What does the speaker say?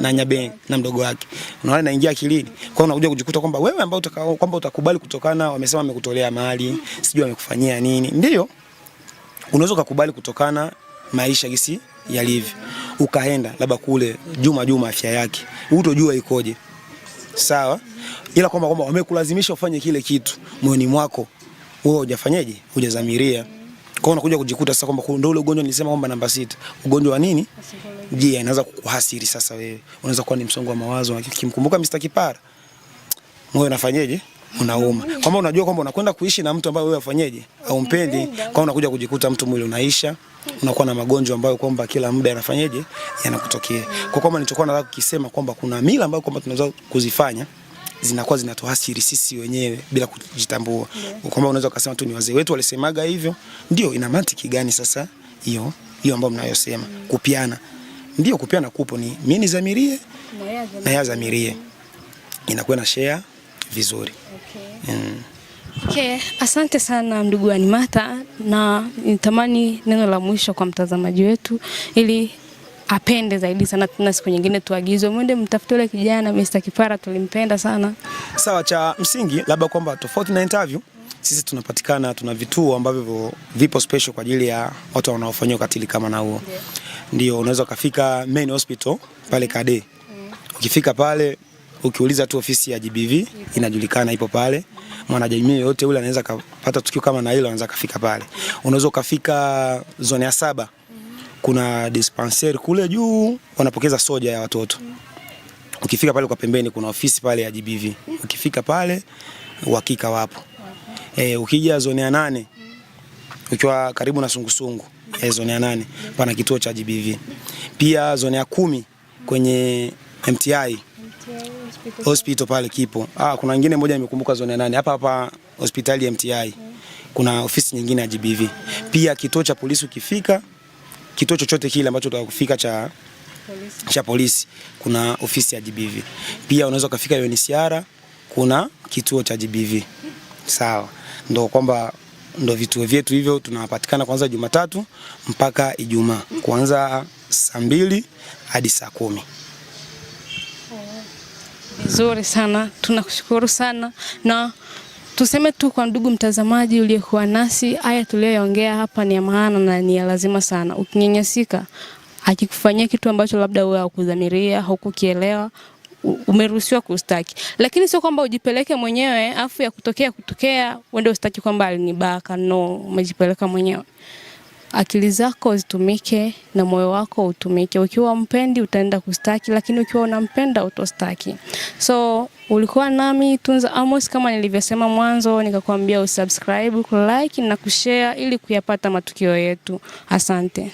na Nyabeng na mdogo wake. Unaona naingia akilini. Kwa hiyo unakuja kujikuta kwamba wewe ambao utakao kwamba utakubali kutokana wamesema wamekutolea mali, sijui wamekufanyia nini. Ndio. Unaweza kukubali kutokana maisha gisi yalivyo. Ukaenda labda kule Juma Juma afya yake. Utojua ikoje. Sawa? Ila kwamba kwamba wamekulazimisha ufanye kile kitu moyoni mwako. Wewe hujafanyaje? Hujazamiria. Kwa hiyo unakuja kujikuta sasa kwamba ndio ule ugonjwa nilisema kwamba namba sita. Ugonjwa wa nini? je, inaweza kukuhasiri sasa wewe. Unaweza kuwa ni msongo wa mawazo na kimkumbuka Mr. Kipara. Moyo unafanyeje? Unauma. Kwamba unajua kwamba unakwenda kuishi na mtu ambaye wewe afanyeje? Haumpendi. Kwa unakuja kujikuta mtu mwili unaisha, unakuwa na magonjwa ambayo kwamba kila muda yanafanyeje? Yanakutokea. Kwa kwamba nilichokuwa nataka kukisema kwamba kuna mila ambayo kwamba tunaweza kuzifanya zinakuwa zinatuhasiri sisi wenyewe bila kujitambua. Yeah. Kwamba unaweza ukasema tu ni wazee wetu walisemaga hivyo. Ndio, ina mantiki gani sasa hiyo hiyo ambayo mnayosema mm. kupiana ndio na kupo ni mimi zamirie na yeye zamirie. inakuwa na share vizuri. Okay. Mm. Okay, asante sana ndugu Animata, na nitamani neno la mwisho kwa mtazamaji wetu ili apende zaidi sana, tuna siku nyingine tuagizwe mwende mtafute yule kijana Mr. Kipara, tulimpenda sana. Sawa, cha msingi labda kwamba tofauti na interview sisi tunapatikana, tuna vituo ambavyo vipo special kwa ajili ya watu wanaofanyia ukatili kama na huo. Yeah ndio unaweza ukafika main hospital pale Kade. Ukifika pale ukiuliza tu ofisi ya GBV inajulikana, ipo pale. Mwanajamii yote yule anaweza kupata tukio kama na hilo, anaweza kafika pale. Unaweza ukafika zone ya saba, kuna dispensary kule juu wanapokeza soja ya watoto. Ukifika pale kwa pembeni, kuna ofisi pale ya GBV. Ukifika pale uhakika wapo. E, ukija zone ya nane ukiwa karibu na sungusungu sungu eh, zone ya nane pana kituo cha GBV, pia zone ya kumi kwenye MTI hospital pale kipo. Ah, kuna nyingine moja nimekumbuka zone ya nane hapa hapa hospitali ya MTI kuna ofisi nyingine ya GBV. Pia kituo cha polisi ukifika, kituo chochote kile ambacho utakufika cha polisi, cha polisi kuna ofisi ya GBV. Pia unaweza ukafika UNHCR kuna kituo cha GBV. Sawa, ndio kwamba ndo vituo vyetu hivyo, tunapatikana kwanza Jumatatu mpaka Ijumaa kuanza saa mbili hadi saa kumi. Vizuri sana, tunakushukuru sana na tuseme tu kwa ndugu mtazamaji uliyekuwa nasi, haya tuliyoongea hapa ni ya maana na ni ya lazima sana. Ukinyanyasika akikufanyia kitu ambacho labda wewe hukudhamiria, hukukielewa umeruhusiwa kustaki, lakini sio kwamba ujipeleke mwenyewe afu ya kutokea kutokea uende ustaki kwamba alinibaka. No, umejipeleka mwenyewe. Akili zako zitumike na moyo wako utumike. Ukiwa mpendi utaenda kustaki, lakini ukiwa unampenda utostaki. So ulikuwa nami Tunza Amos, kama nilivyosema mwanzo, nikakwambia usubscribe, kulike na kushare ili kuyapata matukio yetu. Asante.